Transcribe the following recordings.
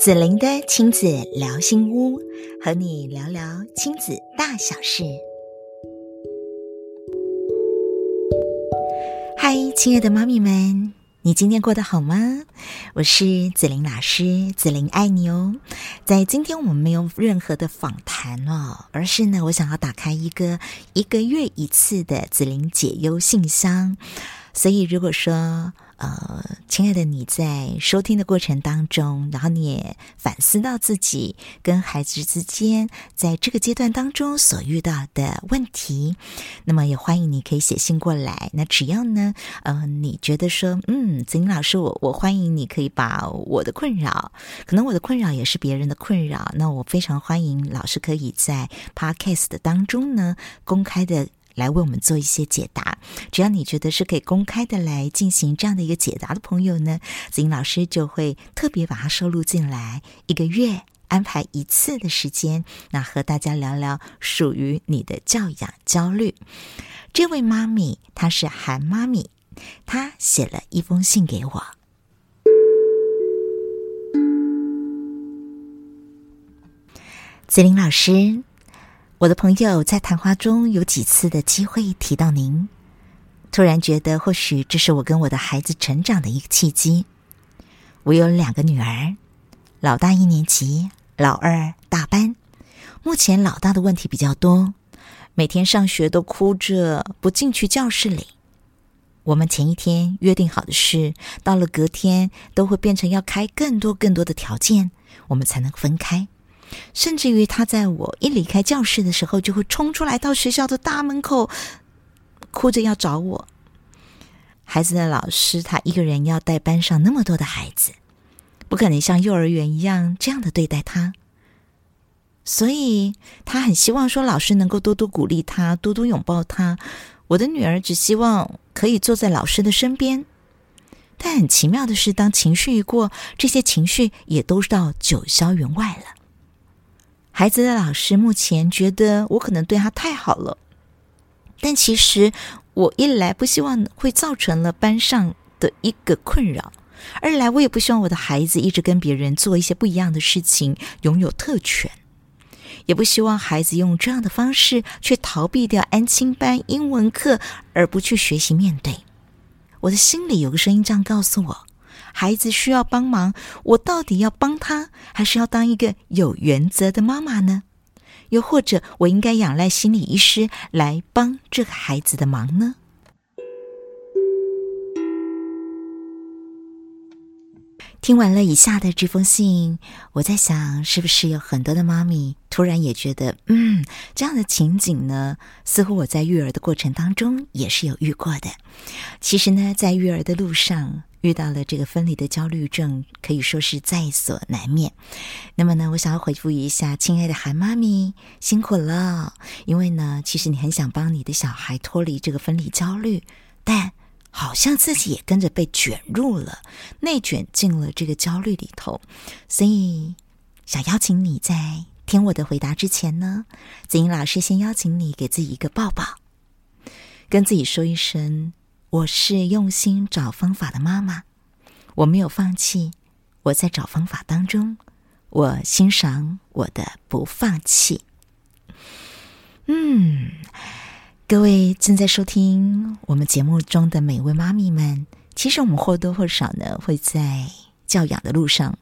子玲的親子聊心屋，和你聊聊親子大小事。嗨，親愛的媽咪們，你今天過得好嗎？我是子玲老師，子玲愛你哦。在今天我們沒有任何的訪談哦，而是呢，我想要打開一個一個月一次的子玲解憂信箱。所以，如果說，呃，親愛的你在收聽的過程當中，然後你也反思到自己跟孩子之間在這個階段當中所遇到的問題，那麼也歡迎你可以寫信過來。那只要呢，呃，你覺得說，嗯，子玲老師，我我歡迎你可以把我的困擾，可能我的困擾也是別人的困擾，那我非常歡迎老師可以在 podcast 當中呢公開的，來為我們做一些解答。只要你覺得是可以公開的，來進行這樣的一個解答的朋友呢，子玲老師就會特別把它收錄進來，一個月安排一次的時間，那和大家聊聊屬於你的教養焦慮。這位媽咪，她是韓媽咪，她寫了一封信給我，子玲老師。我的朋友在談話中有幾次的機會提到您，突然覺得或許這是我跟我的孩子成長的一個契機。我有兩個女兒，老大一年級，老二大班。目前老大的問題比較多，每天上學都哭着不進去教室裡。我們前一天約定好的事，到了隔天都會變成要開更多更多的條件，我們才能分開。甚至於，他在我一離開教室的時候，就會衝出來到學校的大門口，哭着要找我。孩子的老師他一個人要帶班上那麼多的孩子，不可能像幼兒園一樣這樣的對待他，所以他很希望說老師能夠多多鼓勵他，多多擁抱他。我的女兒只希望可以坐在老師的身邊，但很奇妙的是，當情緒一過，這些情緒也都到九霄雲外了。孩子的老師目前覺得我可能對他太好了，但其實我一來不希望會造成了班上的一個困擾，二來我也不希望我的孩子一直跟別人做一些不一樣的事情，擁有特權，也不希望孩子用這樣的方式去逃避掉安親班英文課，而不去學習面對。我的心裡有個聲音這樣告訴我。孩子需要幫忙，我到底要幫他，還是要當一個有原則的媽媽呢？又或者，我應該仰賴心理醫師來幫這個孩子的忙呢？聽完了以下的這封信，我在想，是不是有很多的媽咪突然也覺得，嗯，這樣的情景呢，似乎我在育兒的過程當中也是有遇過的。其實呢，在育兒的路上，遇到了這個分離的焦慮症，可以說是在所難免。那麼呢，我想要回復一下，親愛的韓媽咪，辛苦了。因為呢，其實你很想幫你的小孩脫離這個分離焦慮，但好像自己也跟着被捲入了，內捲進了這個焦慮裡頭。所以，想邀請你在聽我的回答之前呢，子玲老師先邀請你給自己一個抱抱，跟自己說一聲。我是用心找方法的媽媽，我沒有放棄，我在找方法當中，我欣賞我的不放棄。嗯，各位正在收聽我們節目中的每一位媽咪們，其實我們或多或少呢，會在教養的路上，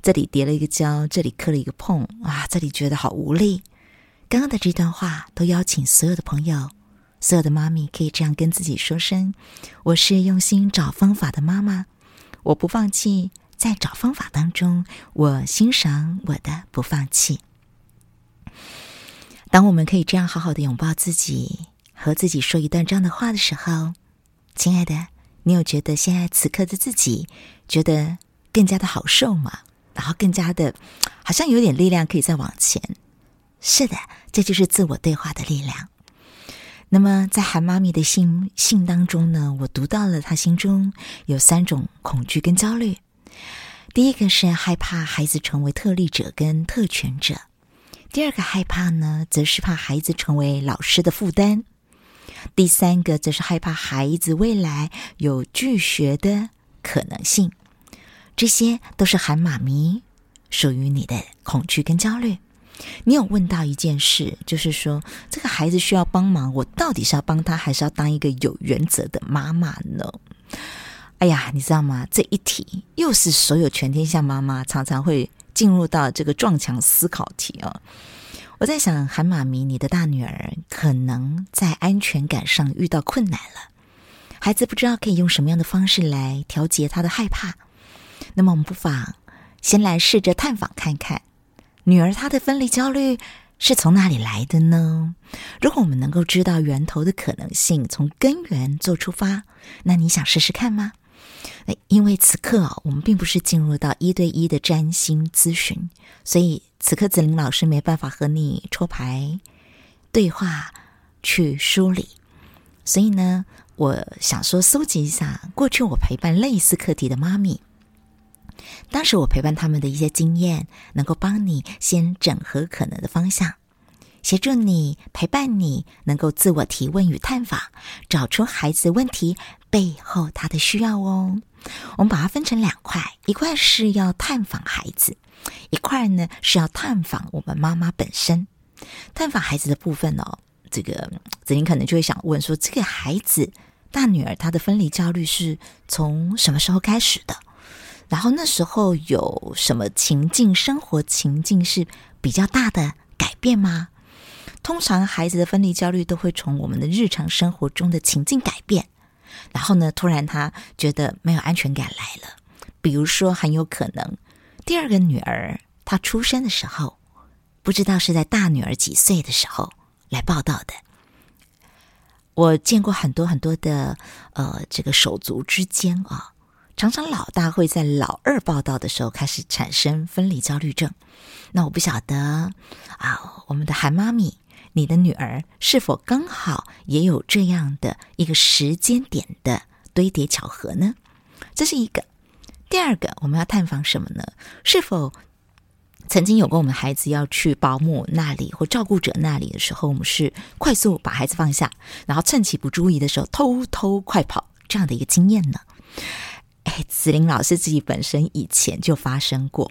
這裡跌了一個跤，這裡磕了一個碰，啊，這裡覺得好無力。剛剛的這段話，都邀請所有的朋友。所有的媽咪可以這樣跟自己說聲：“我是用心找方法的媽媽，我不放棄，在找方法當中，我欣賞我的不放棄。”當我們可以這樣好好的擁抱自己，和自己說一段這樣的話的時候，親愛的，你有覺得現在此刻的自己覺得更加的好受嗎？然後更加的，好像有點力量可以再往前。是的，這就是自我對話的力量。那麼，在韓媽咪的信信當中呢，我讀到了她心中有三種恐懼跟焦慮。第一個是害怕孩子成為特例者跟特權者；第二個害怕呢，則是怕孩子成為老師的負擔；第三個則是害怕孩子未來有拒學的可能性。這些都是韓媽咪屬於你的恐懼跟焦慮。你有問到一件事，就是說這個孩子需要幫忙，我到底是要幫他，還是要當一個有原則的媽媽呢？哎呀，你知道嗎？這一題又是所有全天下媽媽常常會進入到這個撞牆思考題哦。我在想，韓媽咪，你的大女兒可能在安全感上遇到困難了，孩子不知道可以用什麼樣的方式來調節他的害怕。那麼，我們不妨先來試着探訪看看。女兒她的分離焦慮是從哪裡來的呢？如果我們能夠知道源頭的可能性，從根源做出發，那你想試試看嗎？因為此刻啊，我們並不是進入到一對一的占星諮詢，所以此刻子玲老師沒辦法和你抽牌對話去梳理。所以呢，我想說蒐集一下過去我陪伴類似課題的媽咪。當時我陪伴他們的一些經驗，能夠幫你先整合可能的方向，協助你陪伴你，能夠自我提問與探訪，找出孩子的問題背後他的需要哦。我們把它分成兩塊，一塊是要探訪孩子，一塊呢是要探訪我們媽媽本身。探訪孩子的部分哦，這個子玲可能就會想問說：這個孩子大女兒她的分離焦慮是從什麼時候開始的？然後那時候有什麼情境，生活情境是比較大的改變嗎？通常孩子的分離焦慮都會從我們的日常生活中的情境改變，然後呢，突然他覺得沒有安全感來了。比如說，很有可能第二個女兒她出生的時候，不知道是在大女兒幾歲的時候來報到的。我見過很多很多的呃，這個手足之間啊，哦。常常老大會在老二報到的時候開始產生分離焦慮症。那我不曉得啊，我們的韓媽咪，你的女兒是否剛好也有這樣的一個時間點的堆疊巧合呢？這是一個。第二個，我們要探訪什麼呢？是否曾經有過我們孩子要去保姆那裡或照顧者那裡的時候，我們是快速把孩子放下，然後趁其不注意的時候偷偷快跑這樣的一個經驗呢？哎，子玲老師自己本身以前就發生過，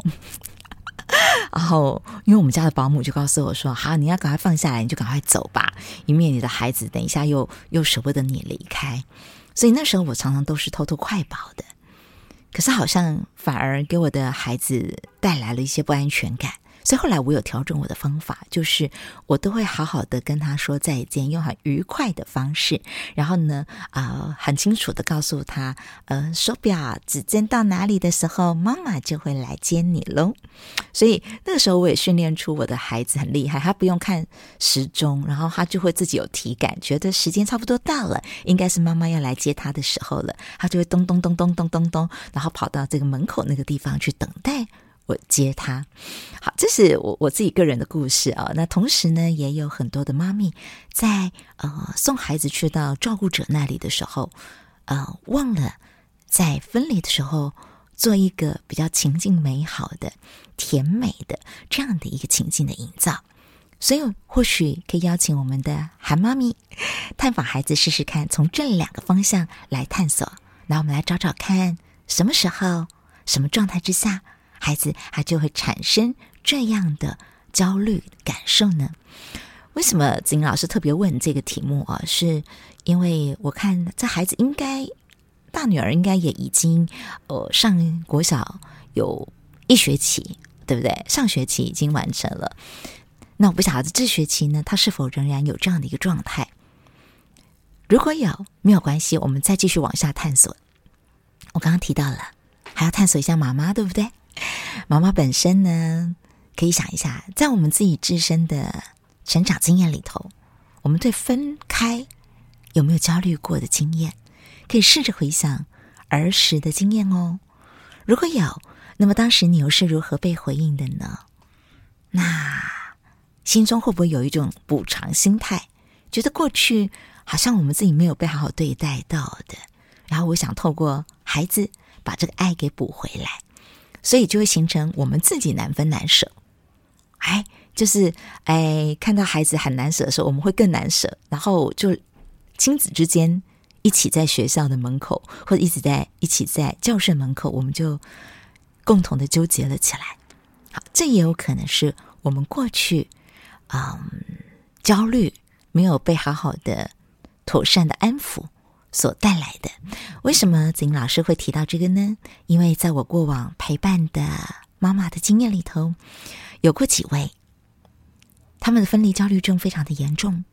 然後因為我們家的保姆就告訴我說：“好，你要趕快放下來，你就趕快走吧，以免你的孩子等一下又又捨不得你離開。”所以那時候我常常都是偷偷快跑的，可是好像反而給我的孩子帶來了一些不安全感。所以後來我有調整我的方法，就是我都會好好的跟他說再見，用很愉快的方式。然後呢，啊、呃，很清楚的告訴他，呃，手錶指針到哪裡的時候，媽媽就會來接你嘍。所以那個時候我也訓練出我的孩子很厲害，他不用看時鐘，然後他就會自己有體感，覺得時間差不多到了，應該是媽媽要來接他的時候了，他就會咚咚咚咚咚咚咚，咚，咚，然後跑到這個門口那個地方去等待。我接他，好，這是我我自己個人的故事啊。那同時呢，也有很多的媽咪在呃送孩子去到照顧者那裡的時候，呃，忘了在分離的時候做一個比較情境美好的、甜美的這樣的一個情境的營造。所以或許可以邀請我們的韓媽咪探訪孩子試試看，從這兩個方向來探索。那我們來找找看，什麼時候、什麼狀態之下，孩子，他就會產生這樣的焦慮感受呢？為什麼子玲老師特別問這個題目啊？是因為我看這孩子應該大女兒應該也已經呃上國小有一學期，對不對？上學期已經完成了。那我不曉得這學期呢，她是否仍然有這樣的一個狀態？如果有，沒有關係，我們再繼續往下探索。我剛剛提到了，還要探索一下媽媽，對不對？媽媽本身呢，可以想一下，在我們自己自身的成長經驗裡頭，我們對分開有沒有焦慮過的經驗？可以試着回想兒時的經驗哦。如果有，那麼當時你又是如何被回應的呢？那心中會不會有一種補償心態，覺得過去好像我們自己沒有被好好對待到的。然後我想透過孩子把這個愛給補回來。所以就會形成我們自己難分難捨，哎，就是哎，看到孩子很難捨的時候，我們會更難捨，然後就親子之間一起在學校的門口，或者一直在一起在教室門口，我們就共同的糾結了起來。好，這也有可能是我們過去，嗯，焦慮，沒有被好好的妥善的安撫。所帶來的，為什麼子玲老師會提到這個呢？因為在我過往陪伴的媽媽的經驗裡頭，有過幾位，他們的分離焦慮症非常的嚴重，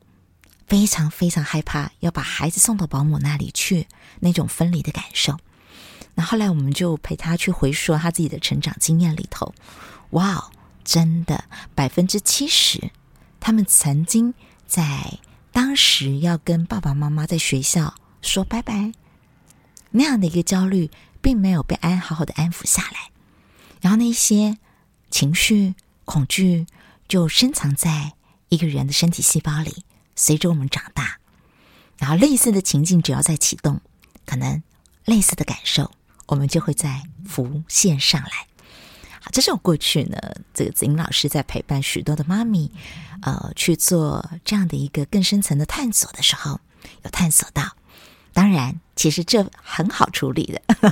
非常非常害怕要把孩子送到保姆那裡去，那種分離的感受。那後來我們就陪他去回溯他自己的成長經驗裡頭，哇，真的百分之七十，他們曾經在當時要跟爸爸媽媽在學校。說拜拜，那樣的一個焦慮，並沒有被安好好的安撫下來，然後那些情緒恐懼就深藏在一個人的身體細胞裡，隨着我們長大，然後類似的情境只要在啟動，可能類似的感受，我們就會再浮現上來。好，這是我過去呢，這個子玲老師在陪伴許多的媽咪，呃，去做這樣的一個更深層的探索的時候，有探索到。當然，其實這很好處理的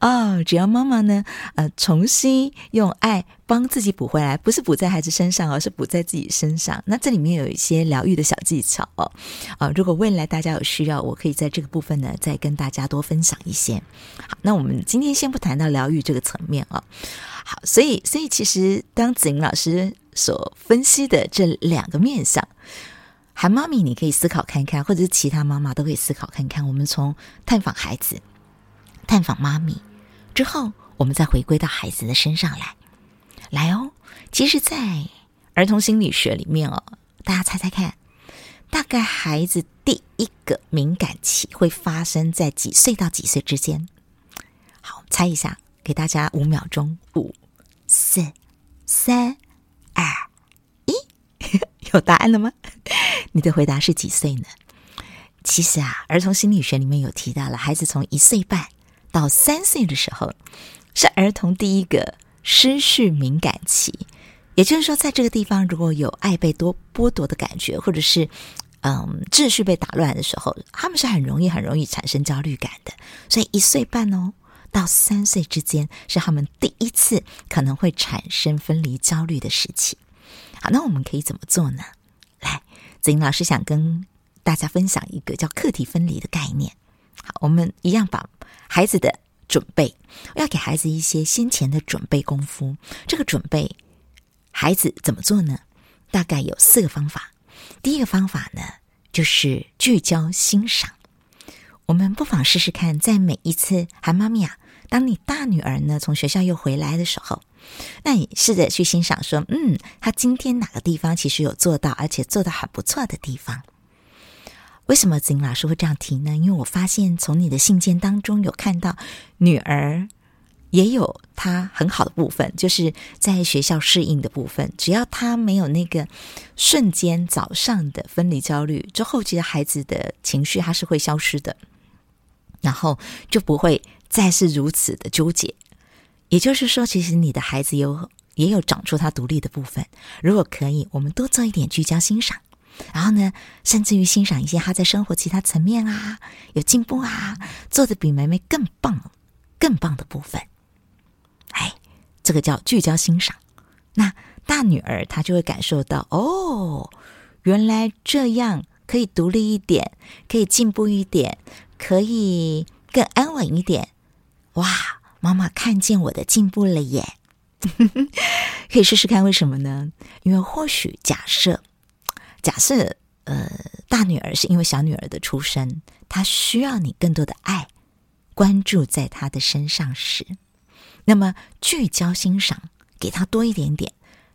啊、 哦！只要媽媽呢，呃，重新用愛幫自己補回來，不是補在孩子身上，而是補在自己身上。那這裡面有一些療癒的小技巧哦。啊、哦，如果未來大家有需要，我可以在這個部分呢，再跟大家多分享一些。好，那我們今天先不談到療癒這個層面哦。好，所以，所以其實，當子玲老師所分析的這兩個面向。喊媽咪，你可以思考看看，或者是其他媽媽都可以思考看看。我們從探訪孩子、探訪媽咪之後，我們再回歸到孩子的身上來，來哦。其實，在兒童心理學裡面哦，大家猜猜看，大概孩子第一個敏感期會發生在幾歲到幾歲之間？好，猜一下，給大家五秒鐘，五四三二。有答案了嗎？你的回答是幾歲呢？其實啊，兒童心理學裡面有提到了，孩子從一歲半到三歲的時候，是兒童第一個失序敏感期。也就是說，在這個地方，如果有愛被多剝奪的感覺，或者是嗯，秩序被打亂的時候，他們是很容易很容易產生焦慮感的。所以一歲半哦到三歲之間，是他們第一次可能會產生分離焦慮的時期。好，那我們可以怎麼做呢？來，子玲老師想跟大家分享一個叫“課題分離”的概念。好，我們一樣把孩子的準備，我要給孩子一些先前的準備功夫。這個準備，孩子怎麼做呢？大概有四個方法。第一個方法呢，就是聚焦欣賞。我們不妨試試看，在每一次喊媽咪啊，當你大女兒呢從學校又回來的時候。那你試着去欣賞，說，嗯，他今天哪個地方其實有做到，而且做得很不錯的地方。為什麼子玲老師會這樣提呢？因為我發現從你的信件當中有看到，女兒也有她很好的部分，就是在學校適應的部分。只要她沒有那個瞬間早上的分離焦慮之後，其實孩子的情緒它是會消失的，然後就不會再是如此的糾結。也就是說，其實你的孩子有也有長出他獨立的部分。如果可以，我們多做一點聚焦欣賞，然後呢，甚至於欣賞一些他在生活其他層面啊有進步啊，做的比妹妹更棒、更棒的部分。哎，這個叫聚焦欣賞。那大女兒她就會感受到哦，原來這樣可以獨立一點，可以進步一點，可以更安穩一點。哇！媽媽看見我的進步了耶！ 可以試試看為什麼呢？因為或許假設，假設呃，大女兒是因為小女兒的出生，她需要你更多的愛，關注在她的身上時，那麼聚焦欣賞，給她多一點點，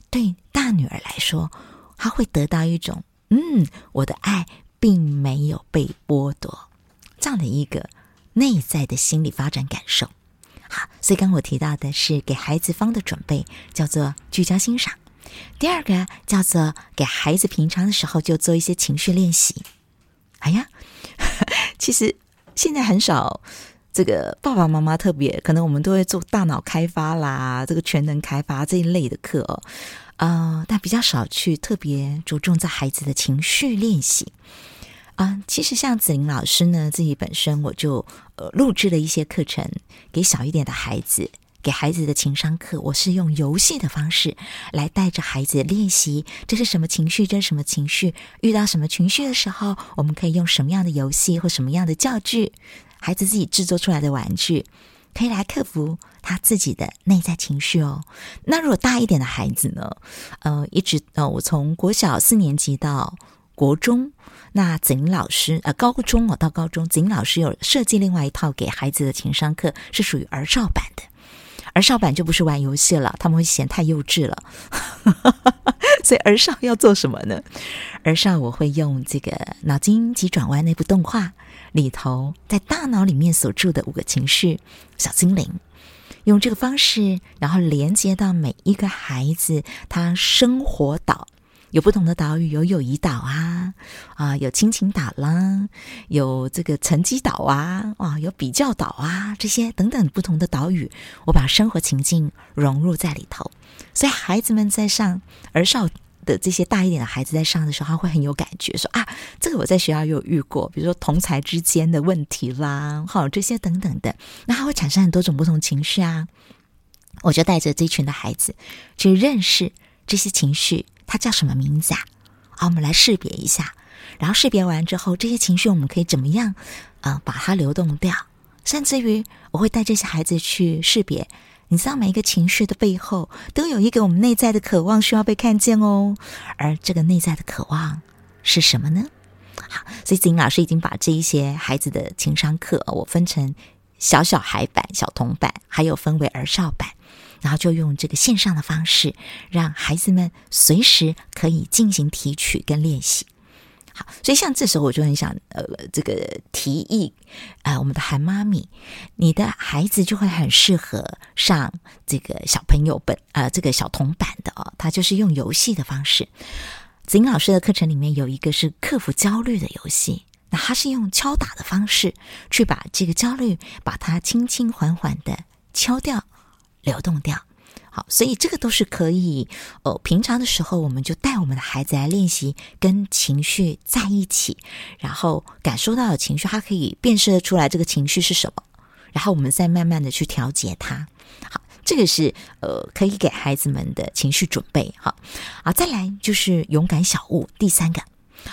對大女兒來說，她會得到一種嗯，我的愛並沒有被剝奪，這樣的一個內在的心理發展感受。好，所以剛剛我提到的是給孩子方的準備，叫做聚焦欣賞；第二個叫做給孩子平常的時候就做一些情緒練習。哎呀，其實現在很少，這個爸爸媽媽特別可能我們都會做大腦開發啦，這個全能開發這一類的課、哦，啊、呃，但比較少去特別注重着重在孩子的情緒練習。啊，其實像子玲老師呢，自己本身我就呃錄制了一些課程給小一點的孩子，給孩子的情商課，我是用遊戲的方式來帶着孩子練習，這是什麼情緒，這是什麼情緒，遇到什麼情緒的時候，我們可以用什麼樣的遊戲或什麼樣的教具，孩子自己制作出來的玩具，可以來克服他自己的內在情緒哦。那如果大一點的孩子呢，呃，一直呃，我從國小四年級到國中。那景老師，呃，高中我到高中，景老師有設計另外一套給孩子的情商課，是屬於兒少版的。兒少版就不是玩遊戲了，他們會嫌太幼稚了。 所以兒少要做什麼呢？兒少我會用這個腦筋急轉彎那部動畫裡頭，在大腦裡面所住的五個情緒小精靈，用這個方式，然後連接到每一個孩子他生活島有不同的島嶼，有友誼島啊，啊，有親情島啦，有這個成績島啊，哇、啊，有比較島啊，這些等等不同的島嶼，我把生活情境融入在裡頭，所以孩子們在上兒少的這些大一點的孩子在上的時候，他會很有感覺說，說啊，這個我在學校有遇過，比如說同儕之間的問題啦，好這些等等的，那他會產生很多種不同情緒啊，我就帶着這群的孩子去認識這些情緒。他叫什麼名字啊？好，我們來識別一下。然後識別完之後，這些情緒我們可以怎麼樣？呃，把它流動掉。甚至於，我會帶這些孩子去識別。你知道，每一個情緒的背後，都有一個我們內在的渴望需要被看見哦。而這個內在的渴望是什麼呢？好，所以子玲老師已經把這一些孩子的情商課，我分成小小孩版、小童版，還有分為兒少版。然後就用這個線上的方式，讓孩子們隨時可以進行提取跟練習。好，所以像這時候，我就很想呃，這個提議啊、呃，我們的韓媽咪，你的孩子就會很適合上這個小朋友本啊、呃，這個小童版的哦。他就是用遊戲的方式，子玲老師的課程裡面有一個是克服焦慮的遊戲，那他是用敲打的方式去把這個焦慮，把它輕輕緩緩的敲掉。流動掉，好，所以這個都是可以哦，呃，平常的時候，我們就帶我們的孩子來練習跟情緒在一起，然後感受到的情緒，它可以辨識出來這個情緒是什麼，然後我們再慢慢的去調節它。好，這個是呃，可以給孩子們的情緒準備。好，好，再來就是勇敢小物，第三個，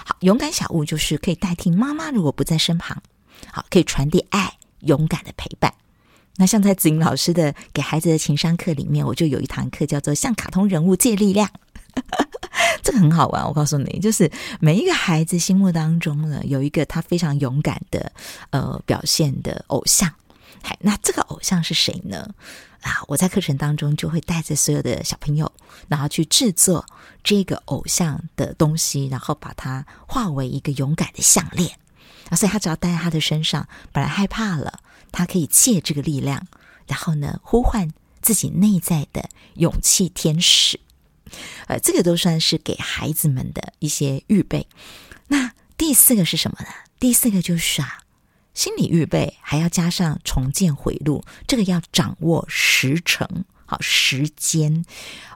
好，勇敢小物就是可以代替媽媽，如果不在身旁，好，可以傳遞愛，勇敢的陪伴。那像在子玲老師的給孩子的情商課裡面，我就有一堂課叫做“向卡通人物借力量”， 這個很好玩。我告訴你，就是每一個孩子心目當中呢，有一個他非常勇敢的呃表現的偶像。哎，那這個偶像是誰呢？啊，我在課程當中就會帶着所有的小朋友，然後去製作這個偶像的東西，然後把它化為一個勇敢的項鏈。啊，所以他只要帶在他的身上，本來害怕了，他可以借這個力量，然後呢，呼喚自己內在的勇氣天使。呃，這個都算是給孩子們的一些預備。那第四個是什麼呢？第四個就是啊，心理預備還要加上重建回路，這個要掌握時程，好時間，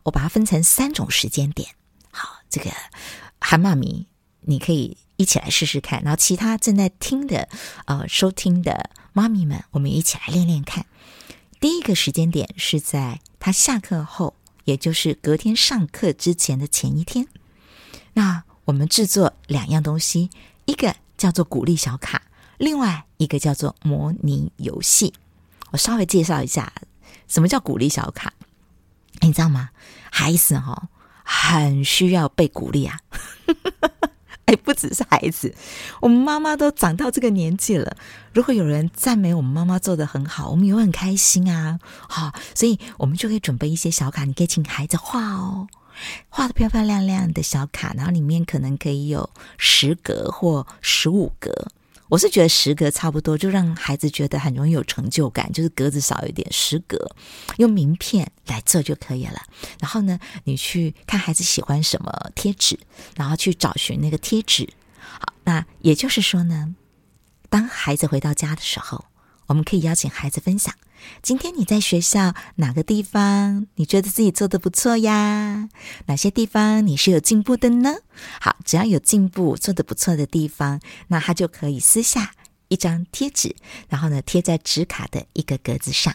我把它分成三種時間點。好，這個韓媽咪，你可以，一起來試試看，然後其他正在聽的、呃，收聽的媽咪們，我們一起來練練看。第一個時間點是在他下課後，也就是隔天上課之前的前一天。那我們製作兩樣東西，一個叫做鼓勵小卡，另外一個叫做模擬遊戲。我稍微介紹一下，什麼叫鼓勵小卡？你知道嗎？孩子哦，很需要被鼓勵啊。 也不只是孩子，我們媽媽都長到這個年紀了。如果有人讚美我們媽媽做得很好，我們也會很開心啊！好、啊，所以我們就可以準備一些小卡，你可以請孩子畫哦，畫的漂漂亮亮的小卡，然後裡面可能可以有十格或十五格。我是覺得十格差不多，就讓孩子覺得很容易有成就感，就是格子少一點，十格，用名片來做就可以了。然後呢，你去看孩子喜歡什麼貼紙，然後去找尋那個貼紙。好，那也就是說呢，當孩子回到家的時候。我們可以邀請孩子分享，今天你在學校哪個地方你覺得自己做得不錯呀？哪些地方你是有進步的呢？好，只要有進步、做得不錯的地方，那他就可以撕下一張貼紙，然後呢貼在紙卡的一個格子上。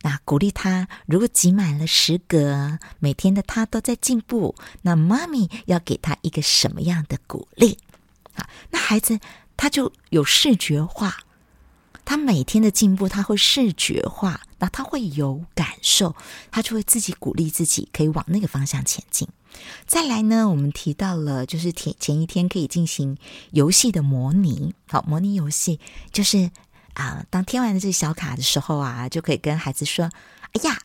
那鼓勵他，如果集滿了十格，每天的他都在進步，那媽咪要給他一個什麼樣的鼓勵？好，那孩子他就有視覺化。他每天的進步，他會視覺化，那他會有感受，他就會自己鼓勵自己，可以往那個方向前進。再來呢，我們提到了，就是前前一天可以進行遊戲的模擬，好，模擬遊戲就是啊、呃，當天玩的這個小卡的時候啊，就可以跟孩子說：“哎呀。”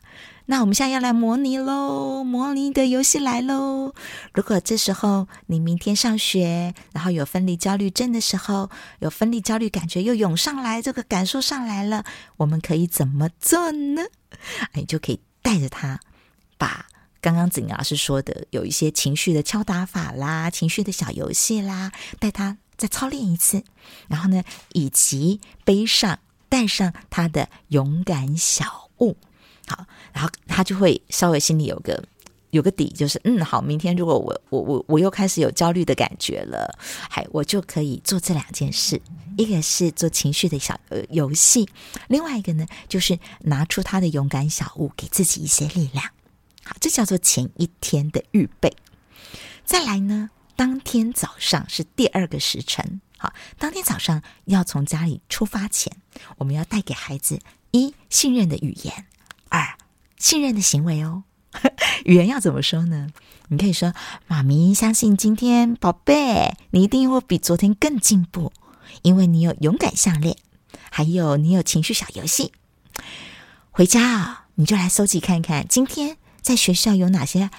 那我們現在要來模擬嘍，模擬的遊戲來嘍。如果這時候你明天上學，然後有分離焦慮症的時候，有分離焦慮感覺又湧上來，這個感受上來了，我們可以怎麼做呢？你就可以帶着他，把剛剛子玲老師說的有一些情緒的敲打法啦，情緒的小遊戲啦，帶他再操練一次。然後呢，以及背上帶上他的勇敢小物，好。他就會稍微心裡有個有個底，就是嗯，好，明天如果我我我我又開始有焦慮的感覺了，哎，我就可以做這兩件事，一個是做情緒的小呃遊戲，另外一個呢就是拿出他的勇敢小物，給自己一些力量。好，這叫做前一天的預備。再來呢，當天早上是第二個時辰，好，當天早上要從家裡出發前，我們要帶給孩子一信任的語言，二。信任的行為哦， 語言要怎麼說呢？你可以說：“媽咪相信今天寶貝，你一定會比昨天更進步，因為你有勇敢項鏈，還有你有情緒小遊戲。回家啊，你就來蒐集看看，今天在學校有哪些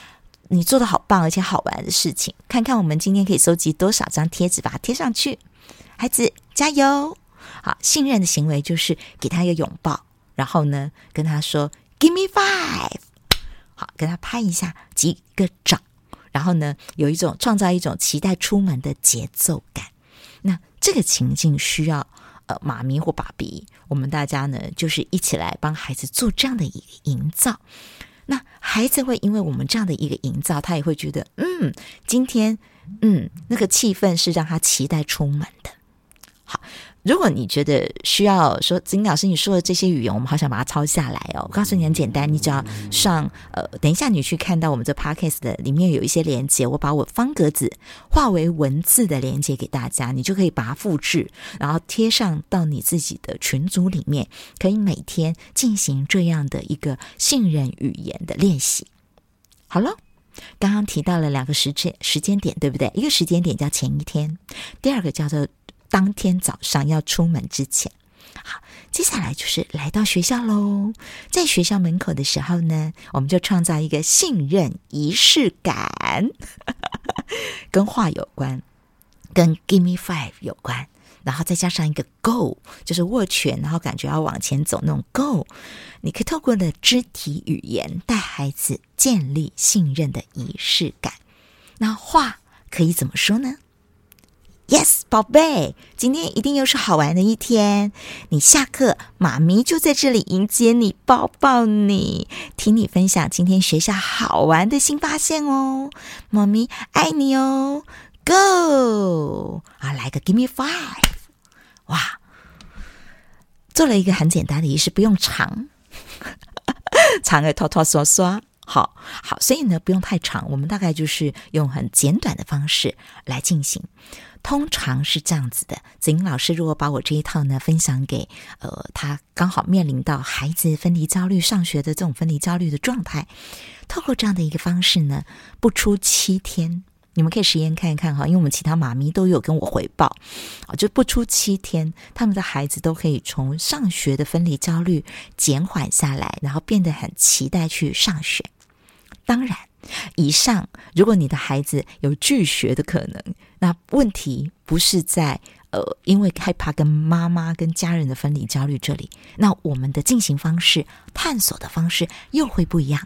你做得好棒而且好玩的事情？看看我們今天可以收集多少張貼紙，把它貼上去。孩子加油！好，信任的行為就是給他一個擁抱，然後呢，跟他說。” Give me five，好，跟他拍一下，擊個掌，然後呢，有一種創造一種期待出門的節奏感。那這個情境需要呃，媽咪或爸比，我們大家呢，就是一起來幫孩子做這樣的一個營造。那孩子會因為我們這樣的一個營造，他也會覺得，嗯，今天，嗯，那個氣氛是讓他期待出門的。好。如果你覺得需要說，金老師，你說的這些語言，我們好想把它抄下來哦。我告訴你很簡單，你只要上呃，等一下你去看到我們這 podcast 的裡面有一些連接，我把我方格子化為文字的連接給大家，你就可以把它複製，然後貼上到你自己的群組裡面，可以每天進行這樣的一個信任語言的練習。好了，剛剛提到了兩個時間時間點，對不對？一個時間點叫前一天，第二個叫做。當天早上要出門之前，好，接下來就是來到學校嘍。在學校門口的時候呢，我們就創造一個信任儀式感， 跟話有關，跟 “Give me five” 有關，然後再加上一個 “Go”，就是握拳，然後感覺要往前走那種 “Go”。你可以透過你的肢體語言帶孩子建立信任的儀式感。那話可以怎麼說呢？Yes，寶貝，今天一定又是好玩的一天。你下課，媽咪就在這裡迎接你，抱抱你，聽你分享今天學校好玩的新發現哦。媽咪愛你哦，Go！啊，來個 Give me five！哇，做了一個很簡單的儀式，不用長，長的拖拖嗦嗦。好好，所以呢，不用太長，我們大概就是用很簡短的方式來進行。通常是這樣子的，子玲老師如果把我這一套呢分享給呃他，她剛好面臨到孩子分離焦慮、上學的這種分離焦慮的狀態，透過這樣的一個方式呢，不出七天，你們可以實驗看一看哈，因為我們其他媽咪都有跟我回報，啊，就不出七天，他們的孩子都可以從上學的分離焦慮減緩下來，然後變得很期待去上學，當然。以上，如果你的孩子有拒學的可能，那問題不是在呃，因為害怕跟媽媽跟家人的分離焦慮這裡，那我們的進行方式、探索的方式又會不一樣。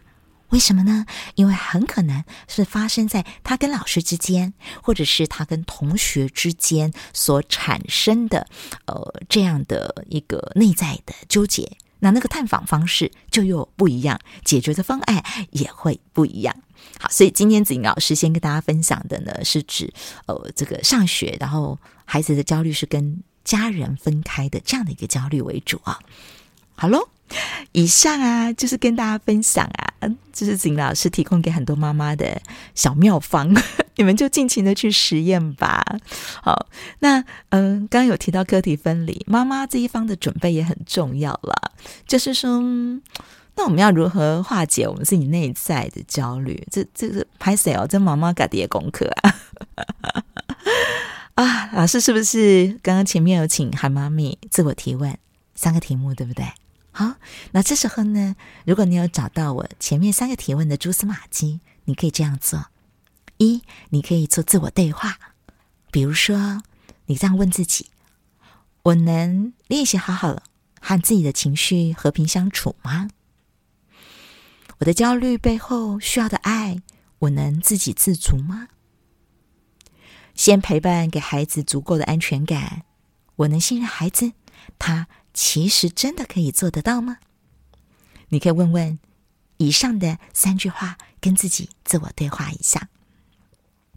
為什麼呢？因為很可能是發生在他跟老師之間，或者是他跟同學之間所產生的呃這樣的一個內在的糾結，那那個探訪方式就又不一樣，解決的方案也會不一樣。好，所以今天子玲老師先跟大家分享的呢，是指呃這個上學，然後孩子的焦慮是跟家人分開的這樣的一個焦慮為主啊。好嘍，以上啊就是跟大家分享啊，這、就是子玲老師提供給很多媽媽的小妙方， 你們就盡情的去實驗吧。好，那嗯，剛剛有提到課題分離，媽媽這一方的準備也很重要了，就是說。那我們要如何化解我們自己內在的焦慮？這、這是拍誰哦？這媽媽給的功課啊！ 啊，老師是不是剛剛前面有請韓媽咪自我提問三個題目，對不對？好，那這時候呢，如果你有找到我前面三個提問的蛛絲馬跡，你可以這樣做：一，你可以做自我對話，比如說你這樣問自己：“我能練習好好地和自己的情緒和平相處嗎？”我的焦慮背後需要的愛，我能自給自足嗎？先陪伴，給孩子足夠的安全感。我能信任孩子，他其實真的可以做得到嗎？你可以問問以上的三句話，跟自己自我對話一下。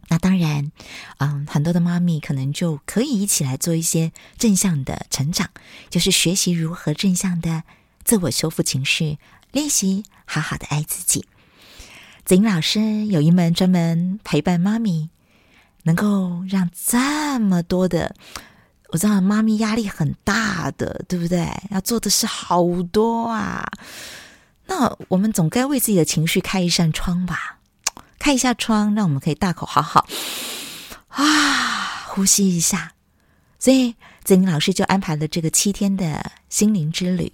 那當然，嗯，很多的媽咪可能就可以一起來做一些正向的成長，就是學習如何正向的自我修復情緒練習。好好的愛自己，子玲老師有一門專門陪伴媽咪，能夠讓這麼多的我知道媽咪壓力很大的，對不對？要做的事好多啊，那我們總該為自己的情緒開一扇窗吧，開一下窗，讓我們可以大口好好啊呼吸一下。所以子玲老師就安排了這個七天的心靈之旅。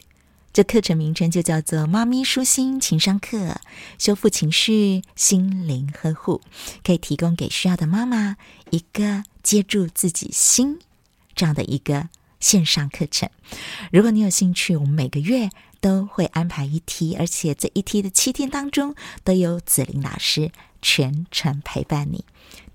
這課程名稱就叫做“媽咪舒心情商課”，修復情緒、心靈呵護，可以提供給需要的媽媽一個接住自己心這樣的一個線上課程。如果你有興趣，我們每個月都會安排一梯，而且在一梯的七天當中，都有子玲老師全程陪伴你。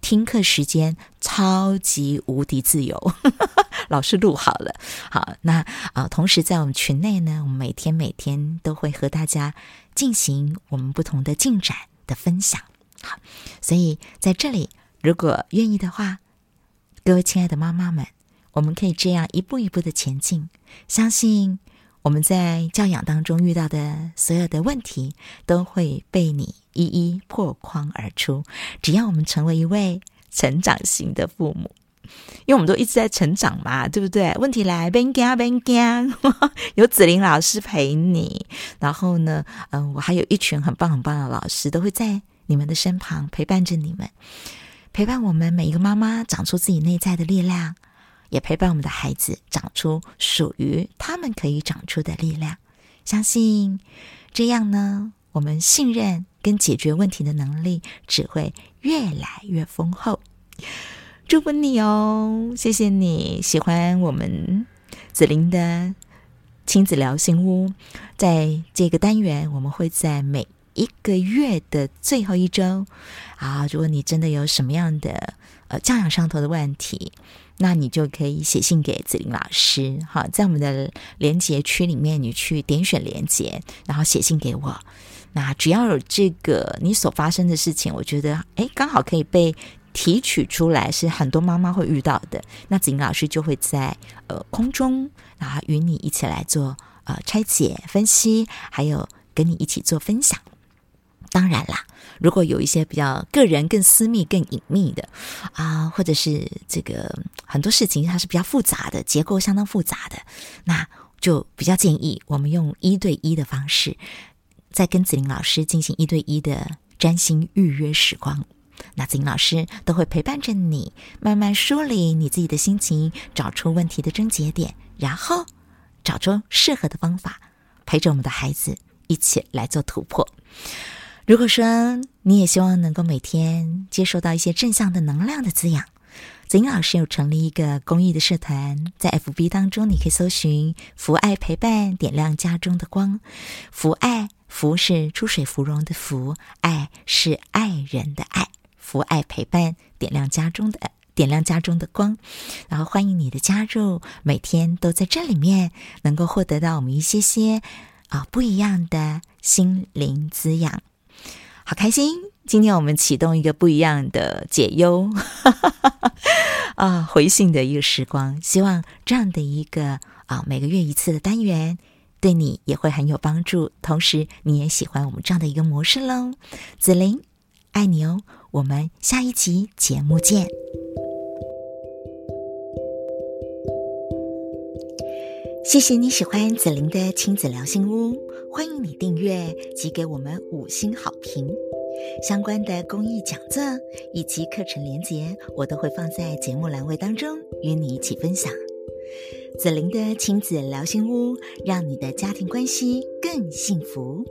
聽課時間超級無敵自由， 老師錄好了。好，那啊，同時在我們群內呢，我們每天每天都會和大家進行我們不同的進展的分享。好，所以在這裡，如果願意的話，各位親愛的媽媽們，我們可以這樣一步一步的前進。相信我們在教養當中遇到的所有的問題，都會被你。一一破框而出。只要我們成為一位成長型的父母，因為我們都一直在成長嘛，對不對？問題來，benge，benge， 有子玲老師陪你，然後呢，嗯、呃，我還有一群很棒很棒的老師，都會在你們的身旁陪伴着你們，陪伴我們每一個媽媽長出自己內在的力量，也陪伴我們的孩子長出屬於他們可以長出的力量。相信這樣呢，我們信任。跟解決問題的能力只會越來越豐厚，祝福你哦！謝謝你喜歡我們子玲的親子聊心屋。在這個單元，我們會在每一個月的最後一週啊，如果你真的有什麼樣的呃教養上頭的問題，那你就可以寫信給子玲老師。好，在我們的連接區裡面，你去點選連接，然後寫信給我。那只要有這個你所發生的事情，我覺得哎，剛好可以被提取出來，是很多媽媽會遇到的。那子玲老師就會在呃空中啊，然後與你一起來做呃拆解分析，還有跟你一起做分享。當然啦，如果有一些比較個人、更私密、更隱秘的啊、呃，或者是這個很多事情它是比較複雜的，結構相當複雜的，那就比較建議我們用一對一的方式。在跟子玲老師進行一對一的專心預約時光，那子玲老師都會陪伴着你，慢慢梳理你自己的心情，找出問題的症結點，然後找出適合的方法，陪着我們的孩子一起來做突破。如果說你也希望能夠每天接受到一些正向的能量的滋養，子玲老師有成立一個公益的社團，在 FB 當中你可以搜尋“芙愛陪伴點亮家中的光”，芙愛。芙是出水芙蓉的芙，愛是愛人的愛，芙愛陪伴點亮家中的點亮家中的光，然後歡迎你的加入，每天都在這裡面能夠獲得到我們一些些啊不一樣的心靈滋養，好開心！今天我們啟動一個不一樣的解憂 啊回信的一個時光，希望這樣的一個啊每個月一次的單元。對你也會很有幫助，同時你也喜歡我們這樣的一個模式嘍，子玲，愛你哦！我們下一集節目見。謝謝你喜歡子玲的親子聊心屋，歡迎你訂閱及給我們五星好評。相關的公益講座以及課程連接，我都會放在節目欄位當中與你一起分享。子玲的親子聊心屋，讓你的家庭關係更幸福。